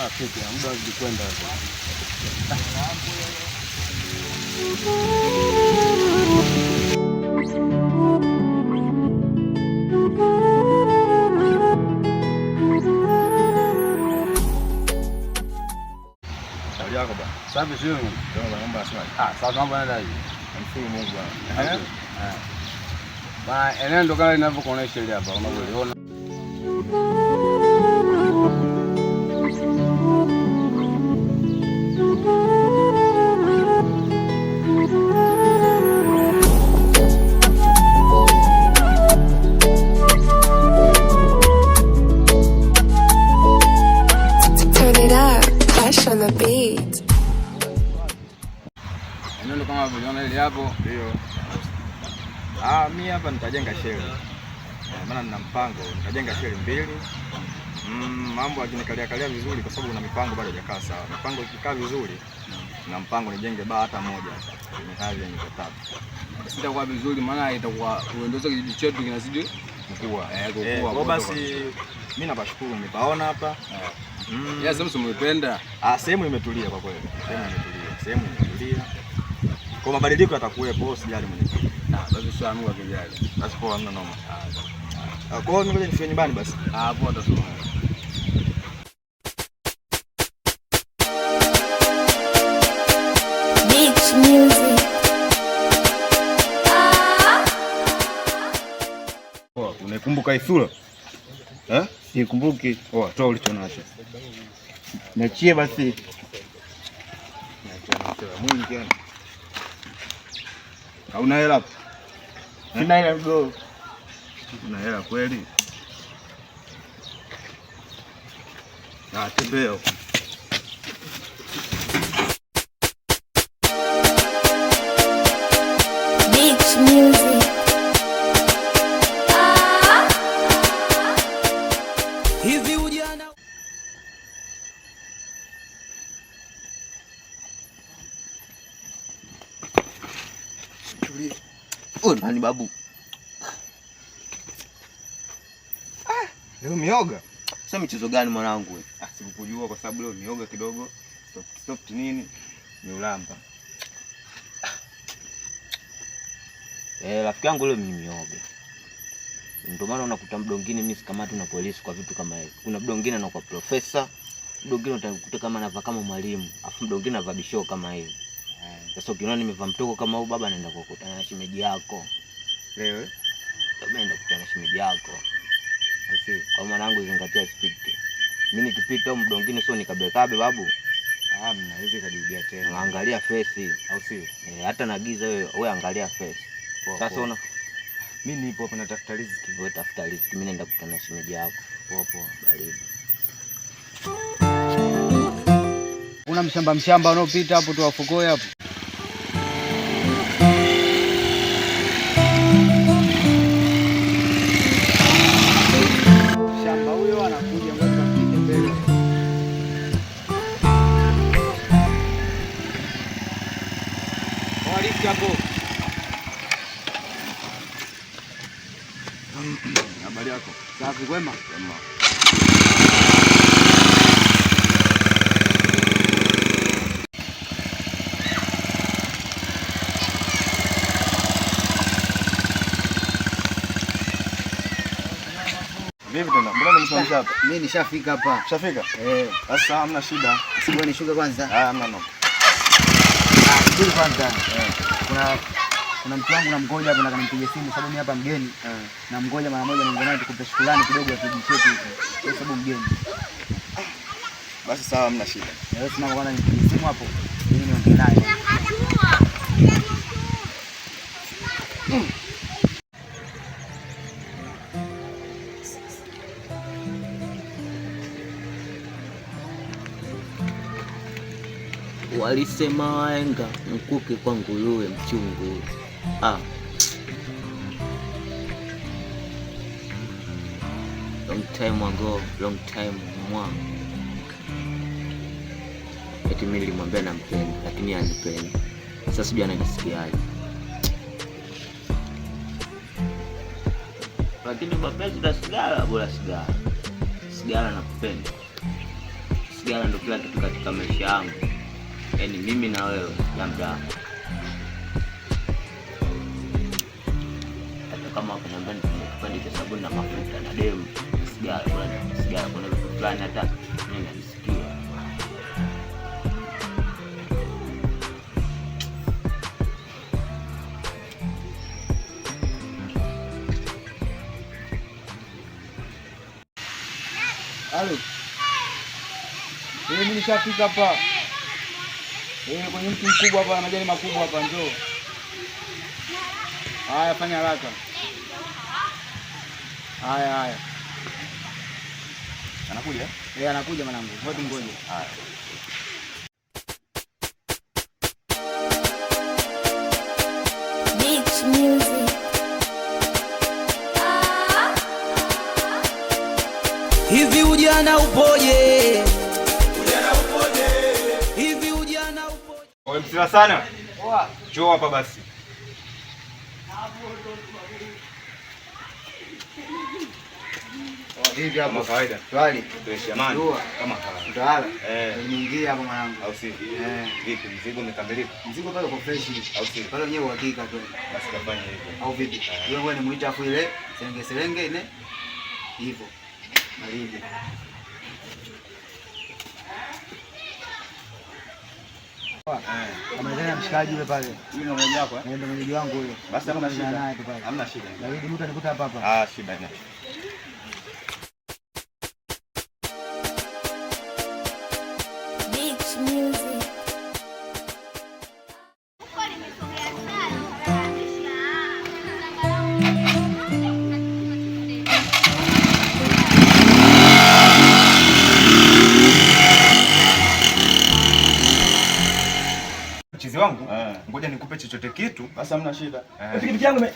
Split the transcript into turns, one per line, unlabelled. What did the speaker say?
thì sao bây rafiki ambayo nilikwenda
yako bwana. Safi sao
Ndio naomba asante.
Ah, sasa mambo yanaenda
hivi. Namshukuru Mungu
bwana. Eh? Bwana, eneo ndo kama linavyokuonesha ile hapa, unavyoiona.
kama
unavyoliona ile hapo. Ndio.
Ah, mimi hapa nitajenga sheli. Eh, maana nina mpango, nitajenga sheli mbili. Mm, mambo akinikalia kalia vizuri kwa sababu na mipango bado haijakaa sawa. Mipango ikikaa vizuri na mpango nijenge baa hata moja kwenye hali ya nyumba tatu.
Sitakuwa vizuri maana itakuwa uendozo kijiji chetu kinazidi kukua. Eh, kukua. Eh, kwa
basi mimi nabashukuru mnipaona
hapa. Eh. Mm. Ya sehemu
mependa. Ah, sehemu imetulia kwa kweli. Sehemu imetulia. Sehemu imetulia.
Kwa mabadiliko yatakuwepo,
usijali mwenyewe. Ah, basi hamna noma.
Ah, ah, kwa hiyo ngoja
nyumbani basi. Ah,
unaikumbuka Ithula? Eh? toa ulicho nacho. Nachie basi. Nachie mwingi yani. Kauna hela?
Sina hela bro.
Una hela kweli? Natembea huko. Wewe nani babu?
Ah, leo mioga.
Sasa michezo gani mwanangu wewe?
Ah, sikukujua kwa sababu leo mioga kidogo. Stop stop nini? Ni ulamba.
Eh, rafiki yangu leo ni mioga. Ndio maana unakuta mdo mwingine mimi sikamati na polisi kwa vitu kama hivi. Kuna mdongine mwingine anakuwa profesa, mdongine mwingine utakuta kama anavaa kama mwalimu, afu mdo mwingine anavaa bishoo kama hivi. Sasa so, ukiona nimevaa mtoko kama huu, baba anaenda kukutana na shemeji yako leo. Baba anaenda kukutana na shemeji yako. Asi, kwa mwanangu zingatia speed. Mimi nikipita mdongini sio nikabekabe
babu. Ah, mnaweza
kajirudia tena.
Angalia face, au
si? Eh, hata na giza wewe, wewe angalia face. Sasa una
mimi nipo hapa natafuta
riziki. Wewe tafuta riziki, mimi naenda kukutana na
shemeji yako. Poa
poa, baridi.
Una mshamba mshamba unaopita hapo tu wafukoe hapo. বাড়ির যাবো mm, habari yako safi
kwema kwema
Mimi nishafika
hapa. Shafika?
Eh. Sasa hamna
shida. Siboni
shuka kwanza. Ah, hamna
noma. Lakini kwanza kuna kuna mtu wangu namgoja hapa, nataka nimpigie simu sababu mimi hapa mgeni, na mgoja mara moja naongea naye tukupe shukrani kidogo atujicheki kwa sababu mgeni. Basi sawa, mna shida. Wewe sina bwana, nipigie simu hapo ili niongee naye.
Walisema waenga mkuki kwa nguruwe mchungu. Ah, long time ago, long time mwa eti mimi nilimwambia nampenda, lakini hanipendi. Sasa sijui ananisikiaje, lakini mapenzi na sigara, bora sigara. Sigara nakupenda, sigara ndo kila kitu katika maisha yangu yani mimi na wewe labda kama kuniambia nitumie cha sabuni na mafuta na demu sigara, kuna sigara, kuna vitu fulani hata mimi nasikia Halo. Mimi nishafika hapa. Eh, kwenye mti mkubwa hapa, majani makubwa hapa, njoo. Haya, fanya haraka. Haya, haya. Anakuja? Eh, anakuja mwanangu.
Ngoja tungoje. Haya. Beach music.
Hivi ujana upoje? Msiba sana. Njoo hapa basi. kawaida. Oh, Swali. Kama
kawaida. Eh. hapo
mwanangu. Au si? Eh. Vipi mzigo Mzigo fresh. Au si?
tu.
Basi kafanya hivyo.
Au vipi? Eh. Wewe ni afu ile serenge serenge ile. Hivyo. Malipo.
Ah. Amezana mshikaji yule
pale. Yule ndio mwenyeji
wako eh? Ndio mwenyeji wangu
yule. Basi hamna shida.
Hamna shida. Lakini mtu anikuta hapa
hapa. Ah, shida inacho.
Ngoja nikupe chochote
kitu. Basi hamna shida.
Pikipiki yangu